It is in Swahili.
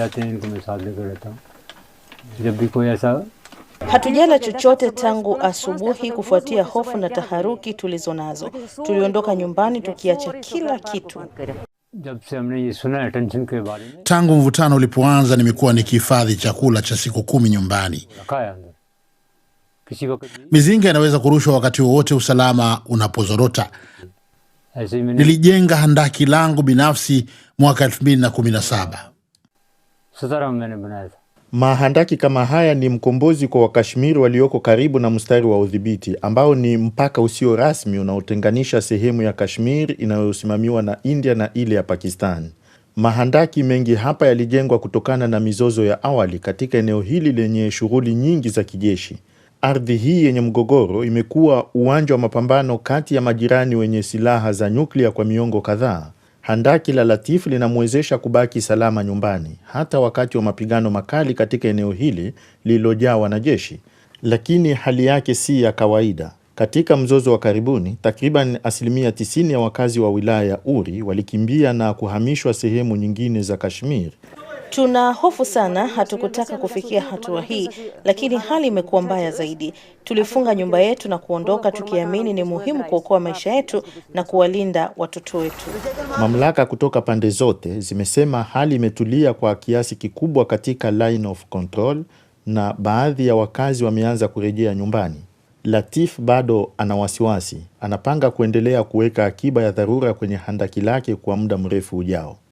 जाते हैं इनको मैं साथ लेकर रहता हूँ जब भी कोई ऐसा Hatujala chochote tangu asubuhi kufuatia hofu na taharuki tulizo nazo. Tuliondoka nyumbani tukiacha kila kitu. Tangu mvutano ulipoanza, nimekuwa nikihifadhi chakula cha siku kumi nyumbani. Mizinga inaweza kurushwa wakati wowote usalama unapozorota. Nilijenga handaki langu binafsi mwaka elfu mbili na kumi na saba. Mahandaki kama haya ni mkombozi kwa Wakashmiri walioko karibu na mstari wa udhibiti ambao ni mpaka usio rasmi unaotenganisha sehemu ya Kashmir inayosimamiwa na India na ile ya Pakistan. Mahandaki mengi hapa yalijengwa kutokana na mizozo ya awali katika eneo hili lenye shughuli nyingi za kijeshi. Ardhi hii yenye mgogoro imekuwa uwanja wa mapambano kati ya majirani wenye silaha za nyuklia kwa miongo kadhaa. Handaki la Latif linamwezesha kubaki salama nyumbani hata wakati wa mapigano makali katika eneo hili lililojaa wanajeshi, lakini hali yake si ya kawaida. Katika mzozo wa karibuni, takriban asilimia 90 ya wakazi wa wilaya ya Uri walikimbia na kuhamishwa sehemu nyingine za Kashmir. Tuna hofu sana, hatukutaka kufikia hatua hii, lakini hali imekuwa mbaya zaidi. Tulifunga nyumba yetu na kuondoka tukiamini ni muhimu kuokoa maisha yetu na kuwalinda watoto wetu. Mamlaka kutoka pande zote zimesema hali imetulia kwa kiasi kikubwa katika line of control na baadhi ya wakazi wameanza kurejea nyumbani. Latif bado ana wasiwasi, anapanga kuendelea kuweka akiba ya dharura kwenye handaki lake kwa muda mrefu ujao.